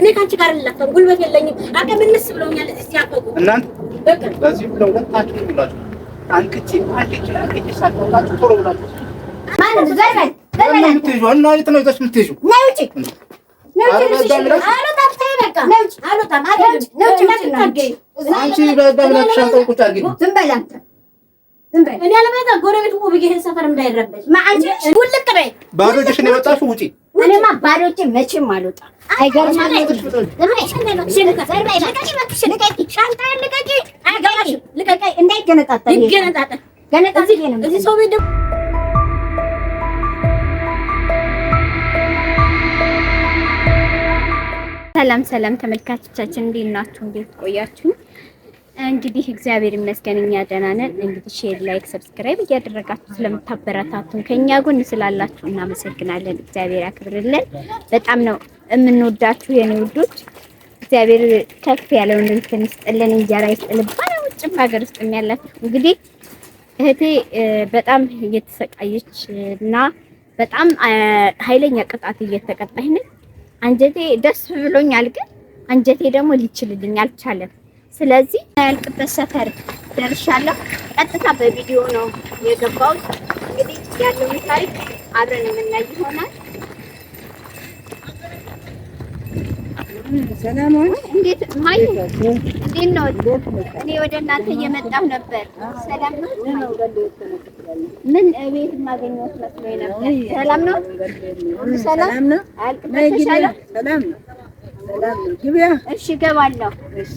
እኔ ከአንቺ ጋር ልላተም ጉልበት የለኝም። አቅም እንስ ብለውኛል። እዚህ ሲያቆቁ እናንተ በቃ በዚህ ብለው ወጣችሁ ብላችሁ አንክቼ አንክቼ አንክቼ ሳቆላችሁ ቶሎ ብላችሁ ማለት ዘርበን ዘርበን የምትይዙ እና የት ነው ይዛችሁ የምትይዙ? ነይ ውጪ አንቺ ዝም በል አንተ እኔ ጎረቤት ይሄን ሰፈር እንዳይረበሽ ማአንቺ ውልቅ በይ። ባዶ እጅሽን የመጣሽው ውጪ። እኔማ ባዶ እጄ መቼም ልቀቂ። ልቀቂ። እንዳይገነጣጠል ይገነጣጠል። ገነጣጠል ነው እዚህ ሰው ቤት ደግሞ ሰላም ሰላም፣ ተመልካቾቻችን እንዴት ናችሁ? እንዴት ቆያችሁ? እንግዲህ እግዚአብሔር ይመስገን እኛ ደህና ነን። እንግዲህ ሼር፣ ላይክ፣ ሰብስክራይብ እያደረጋችሁ ስለምታበረታቱን ከኛ ጎን ስላላችሁ እናመሰግናለን። እግዚአብሔር ያክብርልን። በጣም ነው የምንወዳችሁ የኔ ውዶች። እግዚአብሔር ከፍ ያለውን እንትን ይስጥልን፣ እንጀራ ይስጥልን። ባላ ውጭም ሀገር ውስጥ ያላችሁ እንግዲህ እህቴ በጣም እየተሰቃየች እና በጣም ኃይለኛ ቅጣት እየተቀጣች ነች። አንጀቴ ደስ ብሎኛል፣ ግን አንጀቴ ደግሞ ሊችልልኝ አልቻለም። ስለዚህ ያልቅበት ሰፈር ደርሻለሁ። ቀጥታ በቪዲዮ ነው የገባው። እንግዲህ ያለውን ታሪክ አብረን የምናይ ይሆናል። እንዴት ማይ እንዴት ነው? እኔ ወደ እናንተ እየመጣሁ ነበር። ሰላም ነው? ምን ቤት የማገኘሁት መስሎኝ ነበር። ሰላም ነው? ሰላም ነው? አልቅበት ሰላም ነው? እሺ እገባለሁ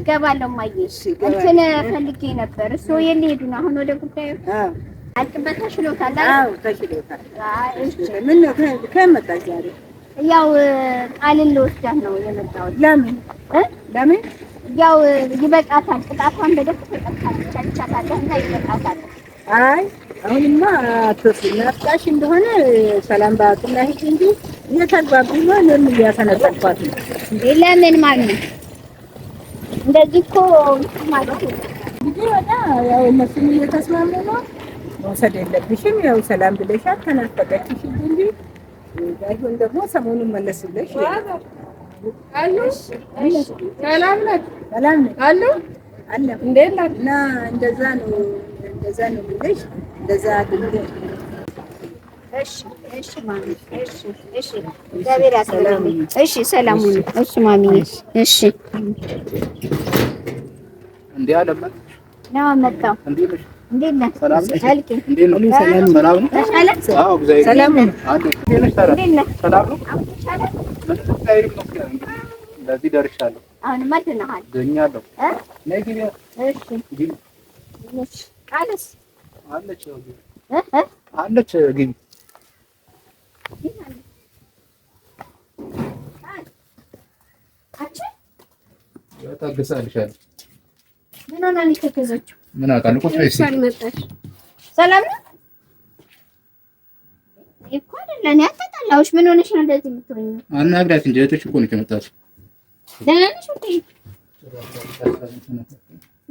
እገባለሁ። ማየ እንትን ፈልጌ ነበር። እሱ የለ ነው አሁን ወደ ጉዳዩ አልቅበት ተሽሎታል። ምነው ከየት መጣሽ ዛሬ? ያው ቃልን ልወስዳት ነው የመጣሁት። ለምን ለምን? ያው ይበቃታል። ቅጣቷን በደንብ ተጠቅሳለች፣ እና ይበቃታል። አይ አሁንማ አትወስድ ናፍቃሽ እንደሆነ ሰላም በአቅላ ሂድ እንጂ እየተግባቡ ነው። እኔም እያሰነጠልኳት ነው። ለምን ማለት ነው? እንደዚህ እኮ ማለት ነው። እንግዲህ ያው እነሱም እየተስማሙ ነው። መውሰድ የለብሽም ያው ሰላም ብለሻል። ተናፈቀችሽ እንጂ ባይሆን ደግሞ ሰሞኑን መለስ ብለሽ እንደዛ ነው እንደዛ ነው ብለሽ እንደዛ እሺ ሰላም ሁኑ። እሺ ማሚዬ፣ እሺ እንዴ አለማ ነው መጣው። እንዴት ነህ? ሰላም ነው። ለዚህ ደርሻለሁ። አሁን ማድነሃል ገኛለሁ። ነይ ግቢ። እሺ ግቢ። አለች አለች ግቢ ታገሳልሻለሁ። ምን ነው የተገዛችው? ምን አውቃለሁ። ቁጥር ሆነሽ ነው እንደዚህ የምትሆኚው? አናግራት እንጂ እህትሽ እኮ ነች የመጣችው። ደህና ነሽ?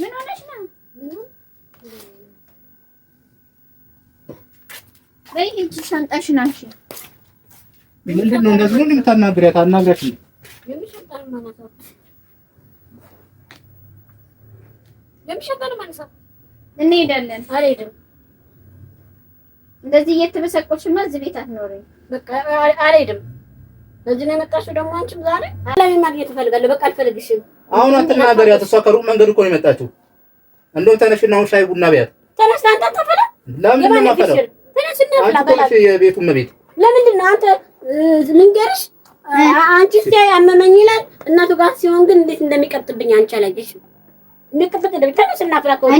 ምን ሆነሽ ነው? በይ ሂጂ ሻንጣሽን አንሺ ምንድን ነው እንደዚህ ነው የምታናግሪያት? አናግሪያት ነው እንሄዳለን። አልሄድም። እንደዚህ እየተበሰቆልሽማ እዚህ ቤት አትኖሪም። በቃ አልሄድም። በዚህ ነው የመጣሽው ደግሞ አንቺም ዛሬ አላሚን ማግኘት እፈልጋለሁ። በቃ አልፈልግሽም። አሁን አትናገሪያት። እሷ ከሩቅ መንገድ እኮ ነው የመጣችው። እንደውም ተነሽና አሁን ሻይ ቡና ቢያት ተነሽ። አንተ ተፈላ ለምን ነው ማፈላ? ተነሽና አፍላ ባላ የቤቱ እመቤት ለምንድን ነው አንተ ልንገርሽ፣ አንቺ ሲያ ያመመኝ ይላል። እናቱ ጋር ሲሆን ግን እንዴት እንደሚቀብጥብኝ አንቺ አላየሽ። እኔ አሁን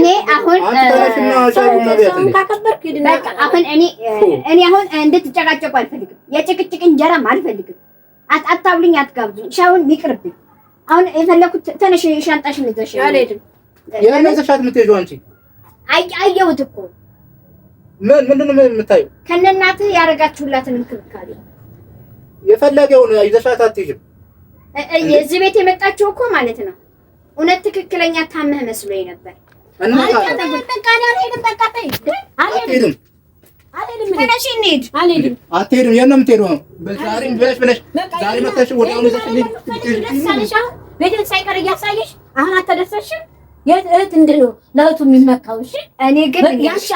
አሁን እኔ አሁን እንድትጨቃጨቁ አልፈልግም። የጭቅጭቅ እንጀራም አልፈልግም። አታብሉኝ፣ አትጋብዙኝ። ሻውን ይቅርብኝ። አሁን የፈለኩት ትንሽ ሻንጣሽን ይዘሽ የነዘሻት የምትሄጂው አንቺ አየሁት እኮ ምንድን ነው የምታየው? ያደረጋችሁላትን እንክብካቤ የፈለገውን ይዘሻት አትሄጂም። እዚህ ቤት የመጣችው እኮ ማለት ነው እውነት ትክክለኛ ታመህ መስሎኝ ነበር። አትሄድም። የት ነው የምትሄደው? ሳይቀር እያሳየሽ አሁን አልተደሰሽም። ነው ለእህቱ የሚመካው? እሺ እኔ ግን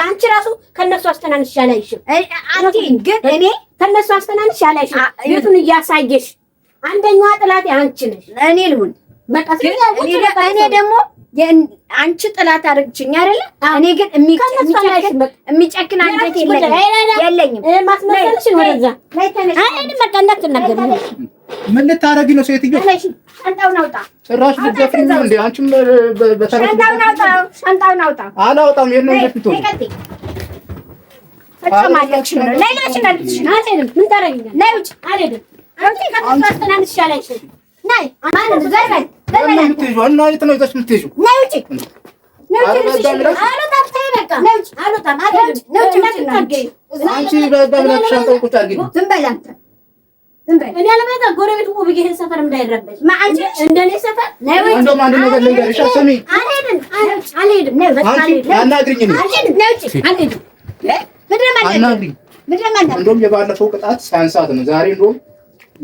አንቺ ራሱ ከእነሱ አስተናንሽ አንቺ ግን እኔ ከነሱ አስተናንሽ ያለሽ ቤቱን እያሳየሽ አንደኛዋ ጥላት አንቺ ነሽ። እኔ ልሁን እኔ ደግሞ አንቺ ጥላት አድርግችኝ አይደለ? እኔ ግን የሚጨክን አንጀት የለኝም። ማስመሰልሽን ወደዛ አይደለም። በቃ እንዳትናገር። ምን ልታረጊ ነው ሴትዮ? ሻንጣውን አውጣ። ጭራሽ ልትደፍሪኝ ነው እንዴ? አንቺም በተረፈ ሻንጣውን አውጣ። አላውጣም። የት ለፊቶ ጎረቤት አልሄድም እንደውም የባለፈው ቅጣት ሳያንሳት ነው። ዛሬ እንደውም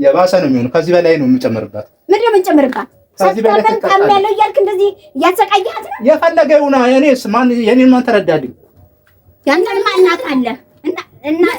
የባሰ ነው የሚሆነው። ከዚህ በላይ ነው የምጨምርባት። ምንድን ነው የምንጨምርባት? ያለው እያልክ እንደዚህ እያሰቃያት ነው። የፈለገ ይሁና። እኔስ ማን የኔን ማን ተረዳልኝ? ያንተንማ እናት አለ እናት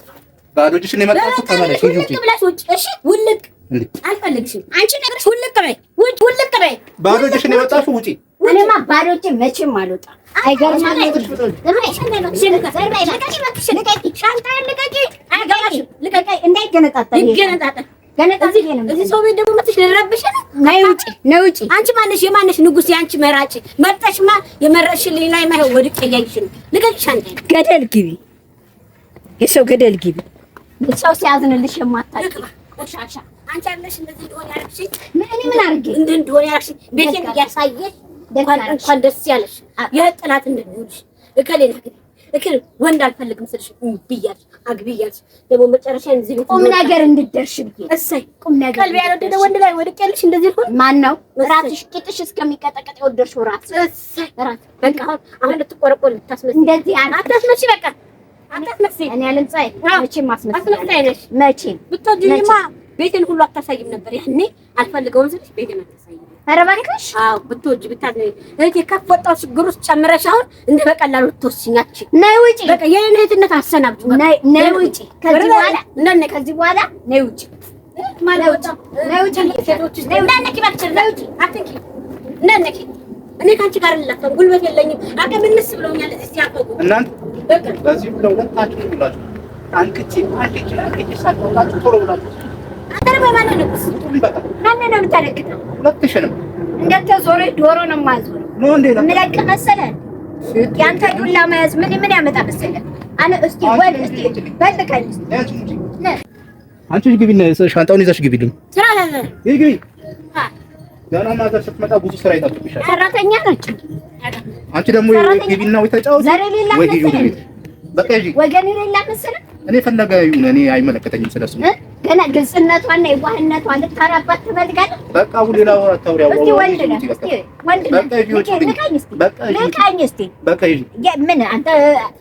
ባዶ እጅሽን ነው የመጣችው። ተመለሽ ውጪ ብላሽ። እሺ ውልቅ አልፈልግሽም። አንቺ ነግረሽ ውልቅ በይ፣ ውጭ ውልቅ በይ። ባዶ እጅሽን ነው ውጪ። እኔማ ባዶ እጅ መቼም አልወጣም። መራጭ መርጠሽማ የሰው ገደል ግቢ ሰው ሲያዝንልሽ የማታውቂ ቆሻሻ አንቺ አለሽ እንደዚህ እንደሆነ ያደረግሽኝ እኔ ምን አድርጌ እንዲህ እንደሆነ ያደረግሽኝ ቤቴን እያሳየሽ እንኳን ደስ ያለሽ የህጥናት እንድንሆንሽ እከሌን እከሌ እክል ወንድ አልፈልግም ስልሽ እምቢ እያልሽ አግቢ እያልሽ ደግሞ መጨረሻ እዚህ ቤት ቁም ነገር እንድደርሽ ብዬሽ እሰይ ቁም ነገር ቀልብ ያልወደደ ወንድ ላይ ያለሽ እንደዚህ ማን ነው ራትሽ ቂጥሽ እስከሚቀጠቀጥ የወደድሽው እሰይ ራት በቃ አሁን ልትቆረቆር ልታስመስል እንደዚህ አታስመስል በቃ እኔ አልምጻይ መቼም አስመሳይ ነሽ። መቼም ብትወጂኝማ ቤቴን ሁሉ አታሳይም ነበር። ያኔ አልፈልገውም ስልሽ ቤቴን አታሳይም። ኧረ እባክሽ ብትወጂ ብታዝኝ እህቴ፣ ከፍ ወጣሁ ችግር ውስጥ ጨምረሽ አሁን እንደ በቀላሉ ልትወስኝ ነይ ውጪ፣ በቃ የእኔን እህትነት አሰናብቱ። ነይ ነይ ውጪ፣ ከዚህ በኋላ እንደነ ከዚህ በኋላ ነይ ውጪ እኔ ካንቺ ጋር ጉልበት የለኝም። አቅም እንስ ብለውኛል እዚህ ያቆቁ እናንተ በዚህም ለሁለታችሁ ሁላችሁ አንቅቼ አንቅቼ አንቅቼ ሳታውቃችሁ ቶሎ ብላችሁ አንተን በማለት ነው እኮ ነው የምታለቅጠው? ሁለትሽንም እንደተዞረ ዶሮ ነው የማዞረው። የምለቅ መሰለህ? የአንተ ዱላ መያዝ ምን ምን ያመጣ መሰለህ? አለ እስኪ ወል እስኪ በልቀኝ አንቺ ግቢና ሻንጣውን ይዘሽ ግቢልኝ። ስራ አለ ይሄ ግቢ ገና ማዘር ስትመጣ ብዙ ስራ ይጠብቅሻል። ሰራተኛ ናቸው። አንቺ ደግሞ ቲቪና ወይ ተጫውት ወይ ሂጂ በቃ ሂጂ። ወገን የሌላት መሰለህ። እኔ ፈለገ ይሁን እኔ አይመለከተኝም ስለሱ። ገና ግልጽነቷና የዋህነቷ ልታራባት ትፈልጋለህ። በቃ ሁሉ ሌላ አታውሪ። አሁን ወንድ ነህ ወንድ ነህ። በቃ ይሁን፣ ልቃኝ እስቲ በቃ ይሁን። ምን አንተ